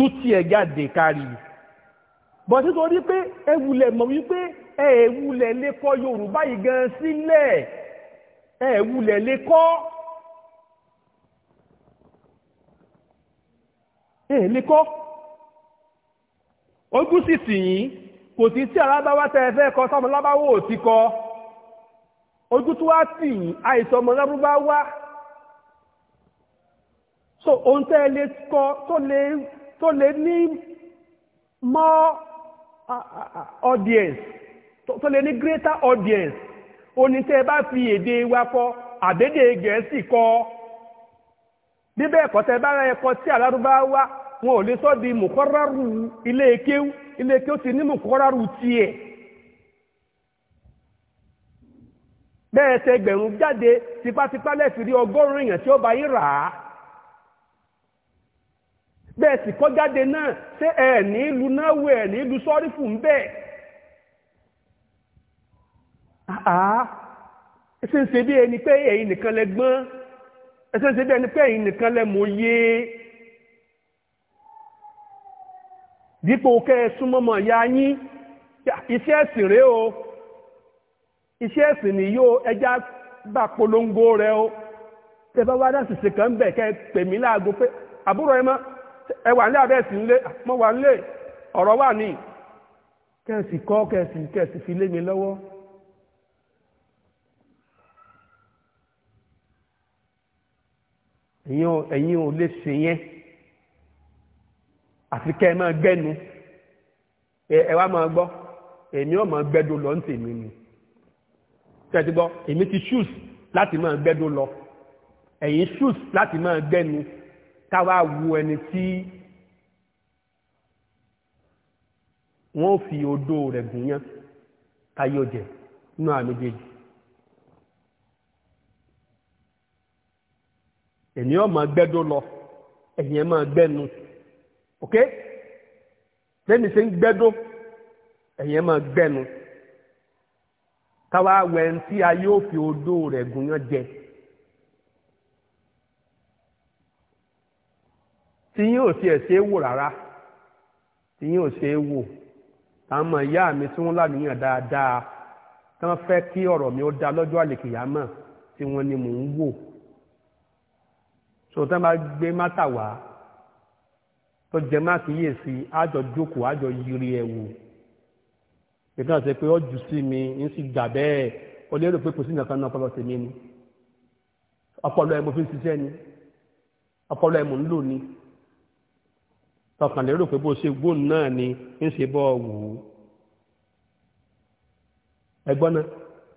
tú tiẹ̀ jáde kárí bọ̀ nítorí pé ẹ wulẹ̀ mọ̀ wípé ẹ wulẹ̀ lè kọ Yorùbá yìí gan sílẹ̀ ẹ wulẹ̀ lè kọ́ ẹ lè kọ́ ogún sì sì yín kò sí tí alábáwá tẹ ẹ fẹ́ kọ sọmọ lábáwá ò ti kọ ojú tó wá tì yín àìsàn ọmọ lábúbá wá so ohun tẹ́ ẹ lè kọ tó lè tó lè ní more audience tó lè ní greater audience onítẹ̀ bá fi èdè wa kọ àbédè gẹ̀ẹ́sì kọ bíbẹ́ ẹ̀kọ́ tẹ bá ra ẹ̀kọ́ tí alárúbáwá wọn ò lè sọ di mùkọ́rọ́rù ilé kéw ilé kéw ti ní mùkọ́rọ́rù tiẹ̀ bẹ́ẹ̀ tẹ gbẹ̀rún jáde tipátipá lẹ́fìrí ọgọ́rùn-ún èèyàn tí ó bá yín rà á bẹ́ẹ̀ sì kọ́ jáde náà ṣé ẹ̀ ní ìlú náà wẹ̀ ẹ̀ ní ìlú sọ́rífù ń bẹ́ẹ̀ àá ṣe ń ṣe bí ẹni pé ẹ̀yin nìkan lẹ gbọ́n ṣe ń ṣe bí ẹni pé ẹ̀yin nìkan lẹ mòye dípò kẹ́ ẹ súnmọ́mọ́ ya yín iṣẹ́ ẹ̀sìn rèé o iṣẹ́ ẹ̀sìn ni yóò ẹja bá polongo rẹ o tẹ bá wá dá ṣìṣe kan bẹ̀ kẹ́ pèmí láago pé àbúrò ẹ máa ẹ wà nílé abẹ́ẹ̀sì ńlé ah, mo wà nílé ọ̀rọ̀ wà ní kẹ́ẹ̀sì kọ́ kẹ́ẹ̀sì kẹ́ẹ̀sì fi lé mi lọ́wọ́ ẹ̀yin ò lè ṣe yẹn àfi kẹ́ ẹ máa gbẹ́nu ẹ wá máa gbọ́ èmi ò máa gbẹ́dọ̀ lọ ní tèmi ni tẹ́tí gbọ́ èmi ti ṣùs láti máa gbẹ́dọ̀ lọ ẹ̀yin ṣùs láti máa gbẹ́nu káwá wu ẹni tí wọ́n fi odó rẹ̀ gúnyán káyọ̀jẹ̀ nínú àmì méjèèjì ẹni ọmọ gbẹ́dó lọ ẹ̀yìn ẹ̀ máa gbẹ́nu ok lẹ́ni ṣe ń gbẹ́dó ẹ̀yìn ẹ̀ máa gbẹ́nu káwá wẹ̀ ń tí a yóò fi odó rẹ̀ gúnyán jẹ. tí yín ò tiẹ̀ ṣe é wò rárá tí yín ò ṣe é wò ìyá mi tí wọ́n dáadáa tí wọ́n fẹ́ kí mi ó da lọ́jọ́ àlèkìyámọ̀ tí wọ́n ní mò ń wò so tí wọ́n bá gbé mátà wá tó jẹ yiri ẹ̀ wò ìtàn àti pé ó jù sí mi ń sì gbà bẹ́ẹ̀ ó lérò pé kò sí nǹkan náà ọpọlọ tèmi fi ń ni ọpọlọ ẹ̀ mo ń ni. tọkàn lérò pé bó ṣe gbóhùn náà ni ń ṣe bọ́ wù ú ẹgbọ́n náà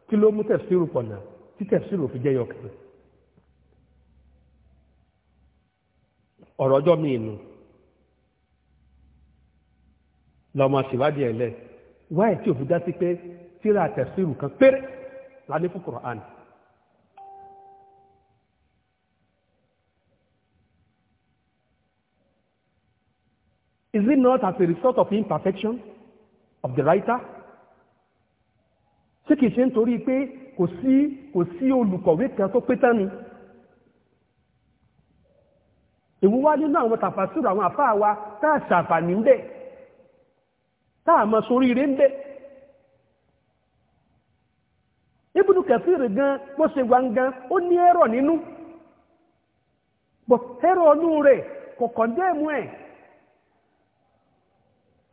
kí ló mú tẹ̀síìrù pọ̀ náà tí tẹ̀síìrù fi jẹ́ yọkàn ọ̀rọ̀ ọjọ́ mi lọ́mọ ṣèwádìí ẹ̀ lẹ̀ wáyé tí òfin dá sí pé tíra tẹ̀síìrù kan péré la ní fún Kùránì Is it not as a result of imperfection of the writer? Ṣé kìí ṣe nítorí pé kò sí kò sí olùkọ̀wé kan tó pé tán ni? Èwo wá nínú àwọn tàfàṣùrù àwọn àfáà wa táà ṣàǹfààní ń bẹ̀, táà mọ soríire ń bẹ̀. Ibùdó kẹfìrì gan bó ṣe gbangan ó ní ẹ̀rọ nínú. Bọ̀ ẹ̀rọ ọdún rẹ̀ kọ̀kọ̀ dẹ́mu ẹ̀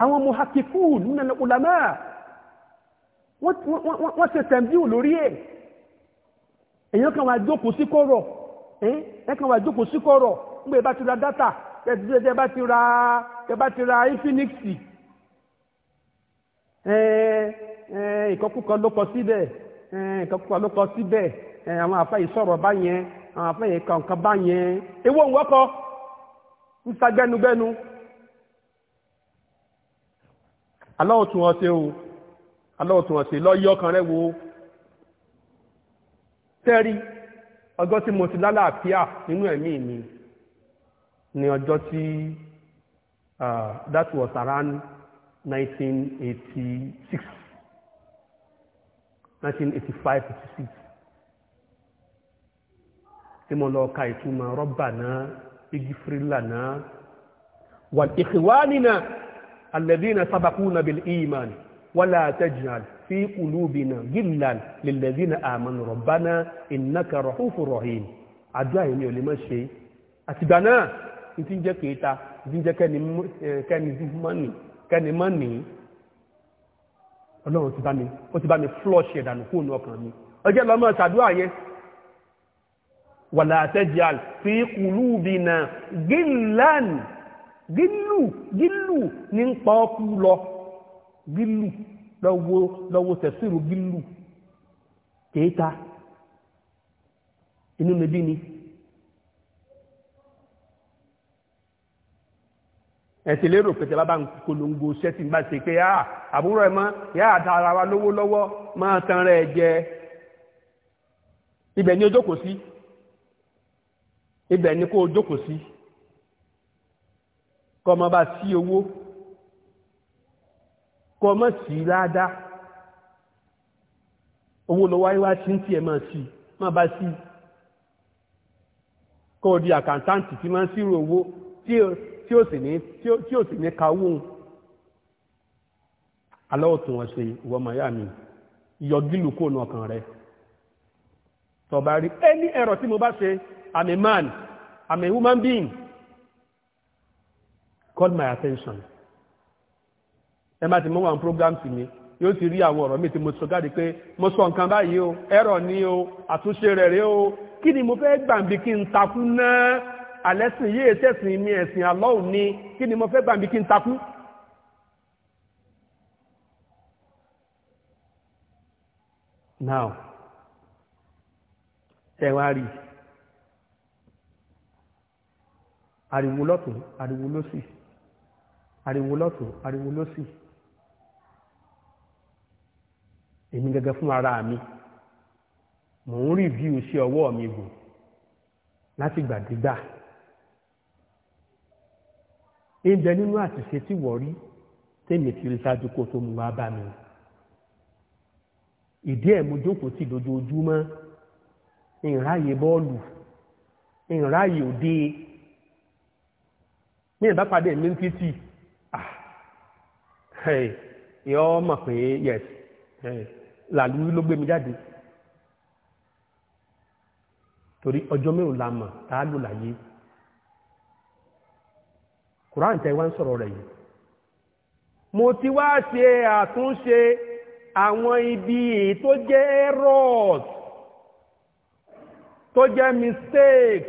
àwọn muhakifun nínú ulama wọ́n ṣe tẹ̀m̀bíù lórí ẹ̀ èyàn kan wà jókòó sí kọ́rọ̀ ẹ̀ kan wà jókòó sí kọ́rọ̀ nígbà ìbá ti ra dátà tẹ́tẹ́ bá ti ra tẹ́bá ti ra infinix ìkọkúkọ ló kọ síbẹ̀ ìkọkúkọ ló kọ síbẹ̀ àwọn àfáyì sọ̀rọ̀ báyẹn àwọn àfáyì kọ̀ọ̀kan báyẹn ewó ń wọ́kọ́ ń sagbẹ́nugbẹ́nu aláwọ̀ tún wọn ṣe o aláwọ̀ tún wọn ṣe lọ yí ọkàn rẹ wo tẹ́rí ọjọ́ tí mo ti lálàáfíà nínú ẹ̀mí mi ni ọjọ́ tí that was around 1986 1985-86 tí mo lọ ka ìtumọ̀ rọ́bà náà igi fírìlà náà wà ìkìwá nínà الذين سبقونا بالإيمان ولا تجعل في قلوبنا غلا للذين آمنوا ربنا إنك رؤوف رحيم àdúrà yìí ni ò lè mọ́ ṣe àtìgbà náà ní ti ń jẹ́ kéta ní ti ń jẹ́ kẹ́ni mọ́nì kẹ́ni mọ́nì ọlọ́run ti bá mi ó ti bá mi flush ẹ̀dànù kúrò ní ọkàn mi ọjọ́ lọ́mọ ṣàdúrà yẹn wàlà àtẹ́jì àl fi kùlùbìnà gílan gílù gílù ní ń pa ọkú lọ gílù lọ́wọ́ lọ́wọ́ tẹ̀síìrù gílù kéèta inú mi ni ẹ̀sì lérò pẹ̀tẹ̀ bá bá ń polongo sẹ́sì bá ṣe pé àbúrò ẹ̀ mọ́ yá àdára wa lówó lọ́wọ́ máa tan rẹ̀ jẹ ibẹ̀ ni ó sí kọ́ mọ́ bá sí owó kọ́ mọ́ sí ládá owó lọ wáyé wá sí tí ẹ mọ́ sí mọ́ bá sí kọ́ di àkàntáǹtì tí máa ń sírò owó tí ó sì ní ka owó alọ́ọ̀tún ọ̀sẹ̀ ìwọ̀ miami yọgílù kó nà ọkàn rẹ̀ tọ̀bà rí ẹni ẹ̀rọ tí mo bá ṣe I'm a man I'm a woman being called my attention ẹ má ti mú program programs mi yóò ti rí àwọn ọ̀rọ̀ mi tí mo sọ jáde pé mo sọ nǹkan báyìí o ẹ̀rọ ni o àtúnṣe rẹ̀ rẹ̀ o kí ni mo fẹ́ gbàǹbí kí n takú náà àlẹ́sìn yìí ṣẹ̀sìn mi ẹ̀sìn àlọ́hùn ni kí ni mo fẹ́ gbàǹbí kí n takú. now ẹ wá rí ariwo lọ́tún ariwo lọ́sì ariwo lọ́tún ariwo lọ́sì èmi gẹ́gẹ́ fún ara mi mò ń rìvíù sí ọwọ́ mi gùn láti gbàdégbà ìbẹ nínú àṣìṣe tí wọ́n rí tèmi ti rí ṣáájú kó tó mú wá bá mi ìdí ẹ̀ mo jókòó tì lójoojúmọ́ ìráyè bọ́ọ̀lù ìráyè òde mi ìbá mi ń títì yọ mọ̀ pé yes làlúwí ló gbé mi jáde torí ọjọ́ mẹ́rin la mọ̀ tá a lò láyé Quran tẹ wá ń sọ̀rọ̀ rẹ̀ yìí mo ti wá ṣe àtúnṣe àwọn ibi tó jẹ́ errors tó jẹ́ mistakes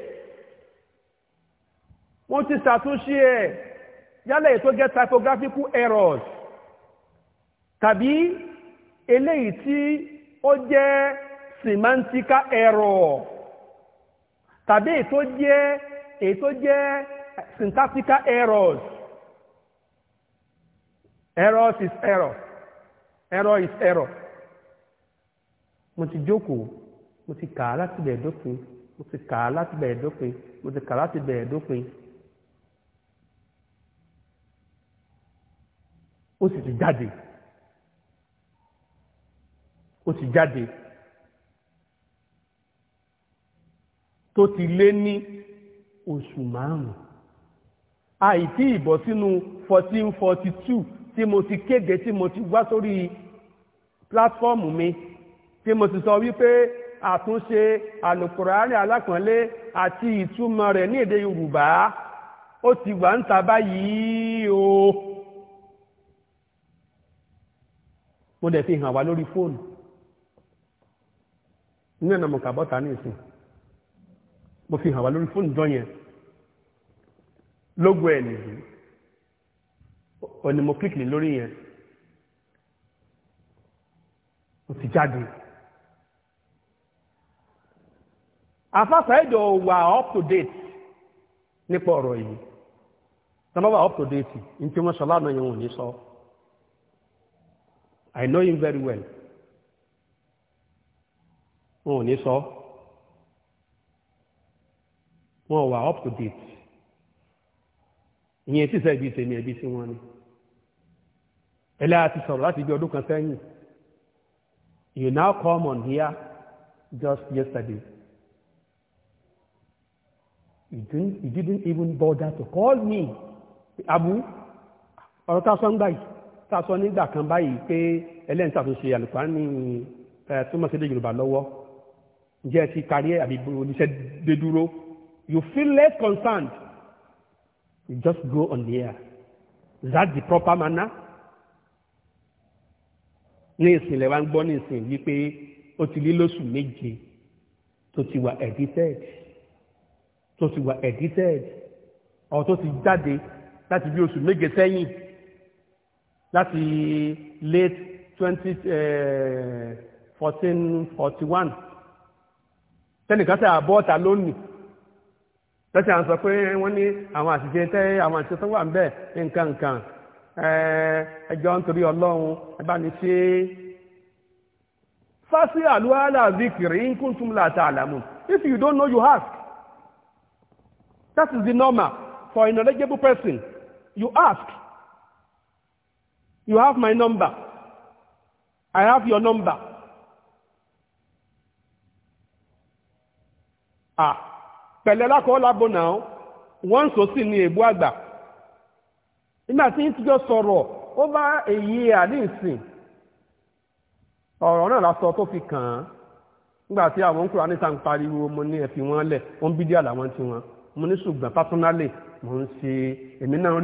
mo ti ṣàtúnṣe ẹ̀ yálẹ̀ tó jẹ́ typographical errors tàbí eléyìí tí ó jẹ́ semantical error tàbí èyí tó jẹ́ èyí tó jẹ́ syntactical errors errors is error error is error mo ti jókòó mo ti kà á láti bẹ̀ẹ̀ dópin mo ti kà á láti bẹ̀ẹ̀ dópin mo ti kà á láti bẹ̀ẹ̀ dópin ó sì ti jáde ó ti jáde tó ti lé ní oṣù márùn-ún àìtí ìbọ̀ sínú 1442 tí mo ti kéde tí mo ti wá sórí pílátífọ́ọ̀mù mi tí mo ti sọ wípé àtúnṣe àlùkùránì alákànlé àti ìtumọ̀ rẹ̀ ní èdè Yorùbá ó ti wà ń ta báyìí o mo dẹ̀ fi hàn wá lórí fóònù ní ẹ̀nà mọ̀kàbọ́ta ní ìsìn mo fi hàn wá lórí fóònù jọ yẹn lógo ẹ̀ nìyí ọ̀nà mo kíkì lórí yẹn ó ti jáde afáfà ẹ̀dọ̀ wà up to date nípa ọ̀rọ̀ yìí tọ́lá wà up to date ní tí wọ́n sọ lánàá yẹn wọ́n ní sọ I know him very well wọn ò ní sọ wọn ò wà up to date ìyẹn tí sẹ́ẹ̀bì tèmi ẹ̀bí sí wọn ni ẹlẹ́yà ti sọ̀rọ̀ láti bí ọdún kan sẹ́yìn you now come on here just yesterday you didn't, you didn't even bother to call me abu ọ̀rọ̀ tá a sọ ń báyìí tá a sọ nígbà kan báyìí pé ẹlẹ́yìn tàbí ṣe àlùkò á ní ẹ̀ tó mọ̀ sí ilé yorùbá lọ́wọ́ ǹjẹ́ ẹ ti parí ẹ̀ àbí oníṣẹ́ dé dúró you feel less concerned you just go on the air that the proper manner ní ìsìn lẹ́wà ń gbọ́ ní ìsìn wípé ó ti lé lóṣù méje tó ti wà edited tó ti wà edited ọ̀ tó ti jáde láti bí oṣù méje sẹ́yìn láti late twenty eh, fourteen forty one tẹ́nìkan tẹ́ àbọ́ta lónìí tẹ́sí à ń sọ pé wọ́n ní àwọn àṣìṣe tẹ́ àwọn àṣìṣe tó wà ń bẹ̀ nǹkan nǹkan ẹjọ́ nítorí ọlọ́run ẹ bá ní ṣe fásí àlúhàlà zikiri in kuntum la ta'lamun if you don't know you ask that is the normal for a knowledgeable person you ask you have my number I have your number à pẹ̀lẹ́ lákọ̀ọ́ lábo náà wọ́n ń sọ sí ní èbú àgbà nígbà tí ń tíjọ́ sọ̀rọ̀ ó bá èyí àdínsìn ọ̀rọ̀ náà lásọ tó fi kàn án nígbà tí àwọn kúrò ní sàn pariwo mo ní ẹ̀fì wọn lẹ̀ ó ń bídí àlàwọn tí wọn mo ní ṣùgbọ́n pásọ́nálì mo ń ṣe èmi náà mo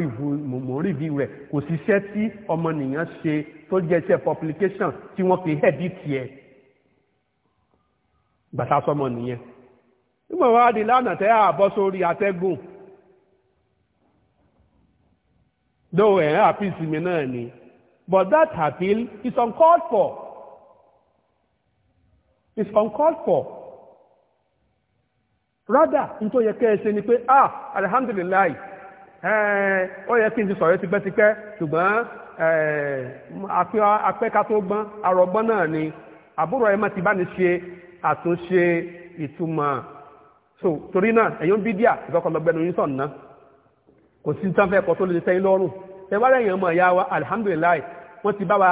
ń rìvíw rẹ̀ kò síṣẹ́ tí ọmọnìyàn ṣe tó jẹ́ iṣẹ́ publication tí wọ́n fi hẹ́ẹ̀dì tiẹ̀ gbàtà sọmọ nìyẹn nígbà wá di lánàá tẹ́ àbọ́ sórí atẹ́gùn though ẹ̀ eh, àpìsì mi náà ni but that appeal is uncalled for is uncalled for rather n tó yẹ kẹ́ ẹ ṣe ni pé ah alihamdulilayi ó yẹ kí n ti sọ̀rọ̀ tipẹ́tipẹ́ ṣùgbọ́n apẹ́ka tó gbọ́n arọ̀gbọ́n náà ni àbúrò ẹ̀ má ti bá ní ṣe àtúnṣe ìtumọ̀ so torí náà ẹ̀yọ́n bídíà ìfọkànlọ́gbẹ́nu yín sọ̀nà kò sí tán fẹ́ kọ́ tó lè sẹ́yìn lọ́rùn tẹ́wárẹ̀ èèyàn mọ̀ ìyá wa alhamdulilayi wọ́n ti bá wa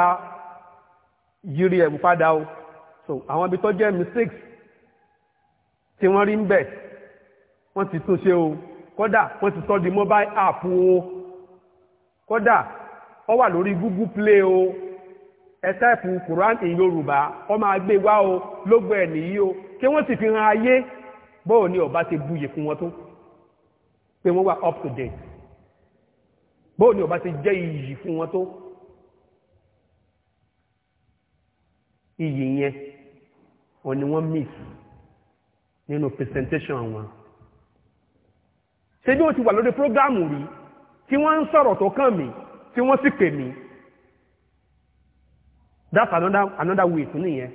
yiri ẹ̀wù padà o so àwọn ibi tó jẹ́ mistakes tí wọ́n rí ń bẹ̀ wọ́n ti tún o kódà wọ́n ti sọ di mobile app o kódà ó wà lórí Google Play o ẹ táìpù Quran in Yorùbá ó máa gbé wá o lógo nìyí o kí wọ́n sì fi hàn ayé bóò ni ọba ti buyè fún wọn tó pé wọ́n wà up to date bóò ni ọba ti jẹ́ iyì fún wọn tó iyì yẹn wọn ni wọ́n miss nínú presentation wọn ṣe bí wọ́n ti wà lórí prógámù rí tí wọ́n ń sọ̀rọ̀ tó kàn mí tí wọ́n sì pè mí that's another another way tún nìyẹn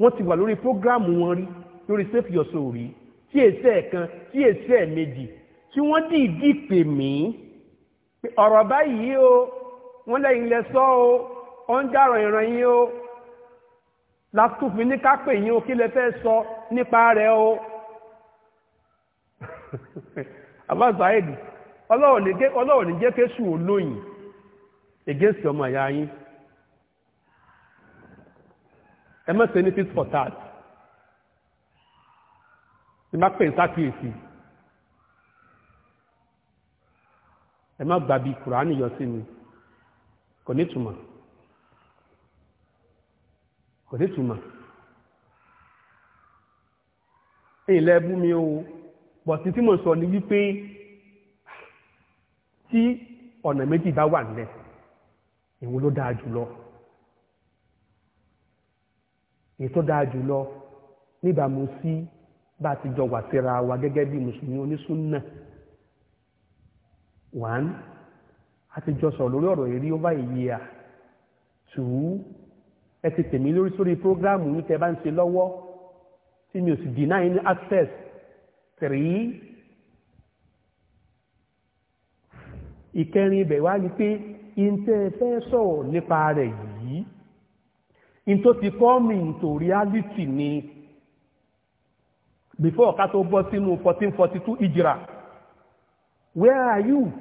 wọ́n ti wà lórí prógámù wọn rí lórí save your soul rí tí èsì ẹ̀kan tí èsì ẹ̀ méjì tí wọ́n dìídì pè mí ọ̀rọ̀ báyìí o wọ́n lẹ́yìn lẹ sọ o ó ń dàrọ̀ ìran yín o látúfin ní kápẹ́ yín o kí lẹ fẹ́ sọ nípa rẹ̀ o abáàzọ ayédè ọlọ́wọ̀ ní jẹ́ kéṣù olóyìn against ọmọ ìyá yín ẹ mọ̀ sí ní fit for that ẹ má pè ń sákìyèsí ẹ má gbàbí kùránì yọ sí mi kò ní túmọ̀ kò ní túmọ̀ ilẹ̀ ẹbú mi o bọ̀tí tí mo sọ ni wípé tí ọ̀nà méjì bá wà nílẹ̀ èwo ló dáa jùlọ èyí tó dáa jùlọ níbàámu sí bá a ti jọ wà síra wa gẹ́gẹ́ bí mùsùlùmí onísúnnà one a ti jọ sọ̀rọ̀ lórí ọ̀rọ̀ èrí over a year two ẹ ti tèmi lórí sórí prógráàmù yìí tẹ́ bá ń ṣe lọ́wọ́ tí mi ò sì deny ní access three ìkẹrin ibẹ̀ wá ní pé ìǹtẹ́ fẹ́ sọ̀rọ̀ nípa rẹ̀ yìí ìǹtó ti kọ́ mi into reality ni before ká tó bọ́ sínú 1442 ìjìrà where are you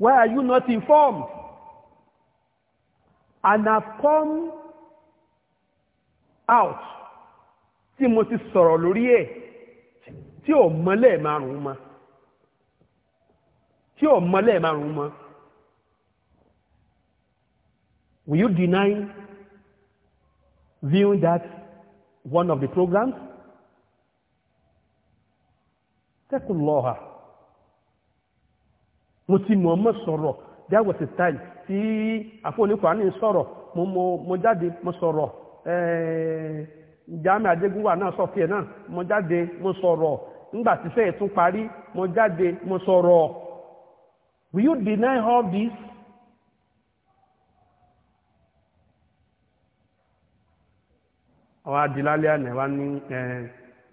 where are you not informed and have come out tí mo ti sọ̀rọ̀ lórí ẹ̀ tí ò mọ́lẹ̀ márùn-ún mọ́ tí ò mọ́lẹ̀ márùn-ún mọ́ will you deny viewing that one of the programs اتقوا الله mo ti mọ̀ mọ́ sọ̀rọ̀ that was the time tí àfọ́nìkọ̀ sọ̀rọ̀ mo jáde mo sọ̀rọ̀ jami adégúnwà náà sọ̀fẹ́ náà mo jáde mo sọ̀rọ̀ nígbà tí tún parí mo jáde mo sọ̀rọ̀ will you deny all this? àwọn adìlálẹ́ àná wa ní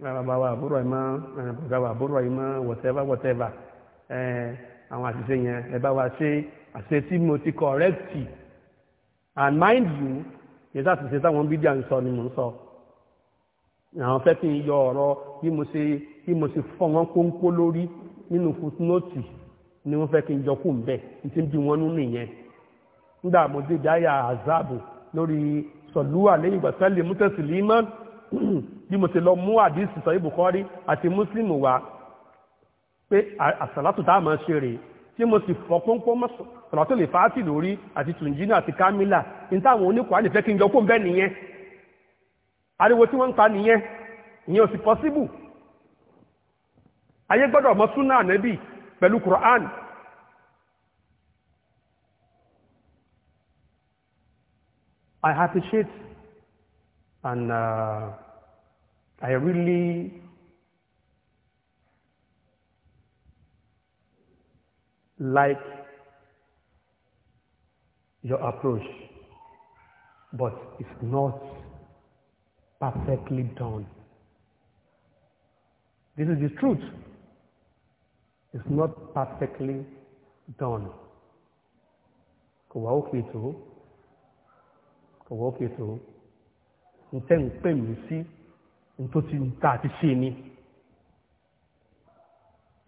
bàbá àbúrò ẹ̀ mọ́ eh, bàbá àbúrò ẹ̀ mọ́ whatever whatever eh, àwọn àṣìṣe yẹn ẹ bá wa ṣe àṣìṣe tí mo ti correct and mind you yẹn sáà ti ṣe táwọn bídíà ń sọ ni mò ń sọ àwọn fẹ́ kí n yọ ọ̀rọ̀ bí mo ṣe bí mo ṣe fọ́ wọn kóńkó lórí nínú fúnóòtì ni wọ́n fẹ́ kí n jọ kù mbẹ́ n ti bí wọn nú nìyẹn nígbà mo dé dáyà azabu lórí sọ̀lúwà lẹ́yìn ìgbà sẹ́lẹ̀ mú bí mo ti lọ mú àdìsí sọ ibùkọ́rí àti Muslim wá pé àsàlátù tá a máa ṣe rèé tí mo sì fọ́ pọ́npọ́n mọ́sọ̀ sọ̀rọ̀tò lè fàátì lórí àti tùnjínà àti kámílà ní táwọn oníkùránì fẹ́ kí n yọ kó bẹ́ẹ̀ nìyẹn ariwo tí wọ́n ń pa nìyẹn ìyẹn ò sì pọ́síbù ayé gbọ́dọ̀ mọ súnà ànẹ́bì pẹ̀lú Quran I appreciate and uh, I really like your approach, but it's not perfectly done. This is the truth. It's not perfectly done. Kò wá òkè tó. Kò wá òkè tó. Ntẹ́ ń mí sí tó ti tá a ti ṣe ni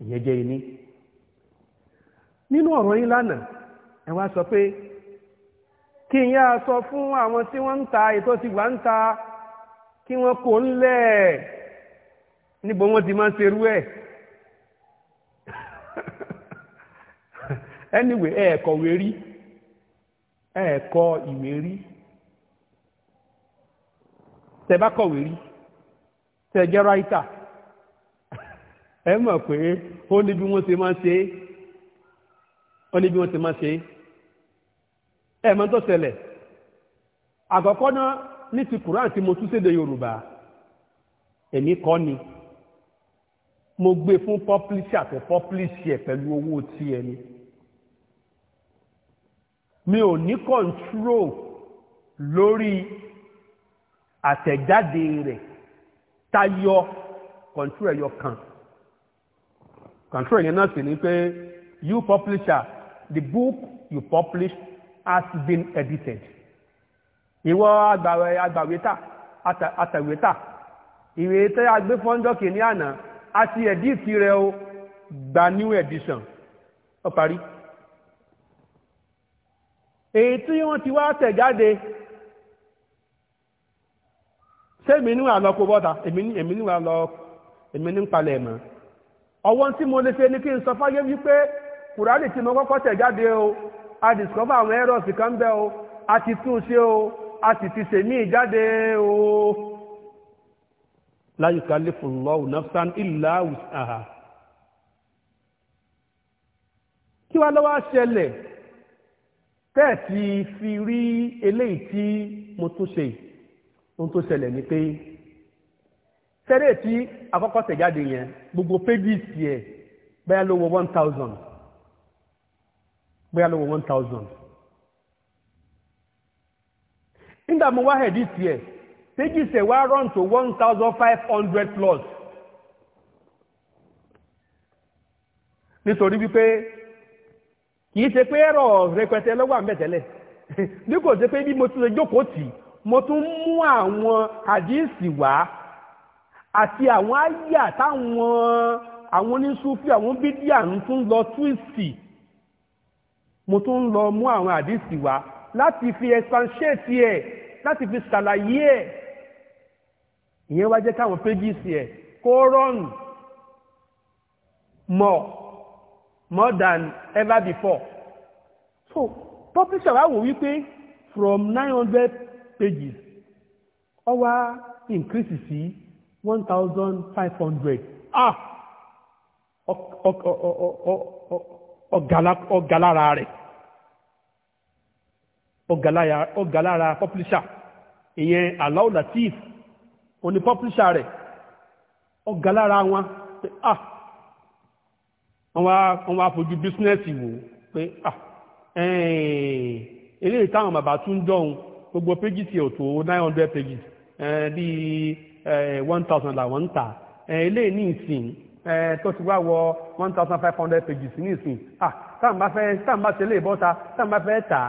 ìyẹn jẹ́ iní nínú ọ̀rọ̀ yín lánàá ẹ wá sọ pé kí n yáa sọ fún àwọn tí wọ́n ń ta ètò ti wà ń ta kí wọ́n kò ń lẹ̀ níbo wọ́n ti máa ń ṣerú ẹ̀ anyway ẹ kọ̀wé rí ẹ kọ ìwé rí tẹ bá kọ̀wé rí tẹ̀jẹ́ ráìtà ẹ mọ̀ pé ó ní bí wọ́n ṣe máa ṣe ó ní bí wọ́n ṣe máa ṣe ẹ mọ̀ tó ṣẹlẹ̀ àkọ́kọ́ náà ní ti Kùrán tí mo tún sédè Yorùbá èmi kọ́ ni mo gbé fún pọ́plíṣì àti pọ́plíṣì ẹ̀ pẹ̀lú owó tí ẹ mi ò ní kọ́ńtró lórí àtẹ̀jáde rẹ̀ tayọ kọ̀ǹtúrò ẹ̀yọ kan kọ̀ǹtúrò yẹn náà sì ni pé you publisher the book you publish has been edited ìwọ agbàwẹ̀ agbàwẹ̀ta àtàwẹ̀ta ìwé tẹ́ agbé fọ́njọ́ kìíní àná àti ẹ̀díìtì rẹ̀ o gba new edition ó parí èyí tí wọ́n ti wá tẹ̀ jáde ṣé èmi níwà lọ kó bọ́ta èmi níwà lọ èmi ní palẹ̀ mọ́ ọwọ́n tí mo lè ṣe ni kí n sọ fáyé wípé kùránì tí mo kọ́kọ́ tẹ̀ jáde o a discover àwọn errors kan bẹ́ o a ti tún ṣe o a sì ti ṣèmí ìjáde o la yukallifu Allahu nafsan illa wus'aha kí wá ló wá ṣẹlẹ̀ tẹ́ẹ̀ ti fi rí eléyìí tí mo tún ṣe yìí ohun tó ṣẹlẹ̀ ni pé sẹ́rẹ̀ tí akọ́kọ́ tẹ̀jáde yẹn gbogbo pages yẹ bẹ́ẹ̀ ló wọ one thousand bẹ́ẹ̀ ló one thousand nígbà mo wá hẹ̀dí tiẹ̀ pages yẹ wá run to one thousand five hundred plus nítorí wípé kì í ṣe pé ẹ̀rọ rẹpẹtẹ lọ́wọ́ àmì tẹ́lẹ̀ bí kò ṣe pé bí mo tún ṣe jókòó tì í mo tún mú àwọn àdíìsì wá àti àwọn àyà táwọn àwọn oníṣúfì àwọn bídíà ń tún lọ túìsì mo tún lọ mú àwọn àdíìsì wá láti fi ẹ̀sánṣẹ́ẹ̀tì ẹ̀ láti fi ṣàlàyé ẹ̀ ìyẹn wá jẹ́ káwọn péjìsì ẹ̀ kó rọrùn more than ever before so publisher wá wò wípé from nine hundred stages ọ wá increase sí one thousand five hundred ah ọ̀gàlára rẹ̀ ọ̀gàlára publisher ìyẹn alau latif òní publisher rẹ̀ ọ̀gàlára wọn pé ah wọ́n wá fojú bísínẹ́sì wò pé ah ẹ̀ẹ́n eléyìí táwọn bàbá tún dọ̀hún gbogbo pages yẹ ò tó nine hundred pages bíi one thousand làwọn ń tà eléyìí ní ìsìn tó ti wá wọ one thousand five hundred pages ní ìsìn táwọn bá fẹ́ táwọn bá ṣe lè bọ́ta táwọn bá fẹ́ tà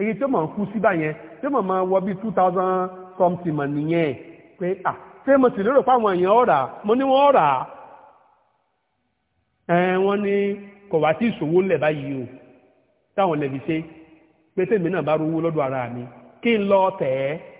èyí tó mọ̀ ń kú síbà yẹn tó mọ̀ máa wọ bíi two thousand something mọ̀ nìyẹn pé à ṣé mo sì lérò fáwọn èèyàn ọ̀rà mo ní wọ́n ọ̀rà wọ́n ní kò wá sí ìṣòwò ńlẹ̀ báyìí o táwọn lè fi ṣe pé tèmi náà bá rówó lọ́dọ̀ ara mi kí n lọ tẹ̀ ẹ́.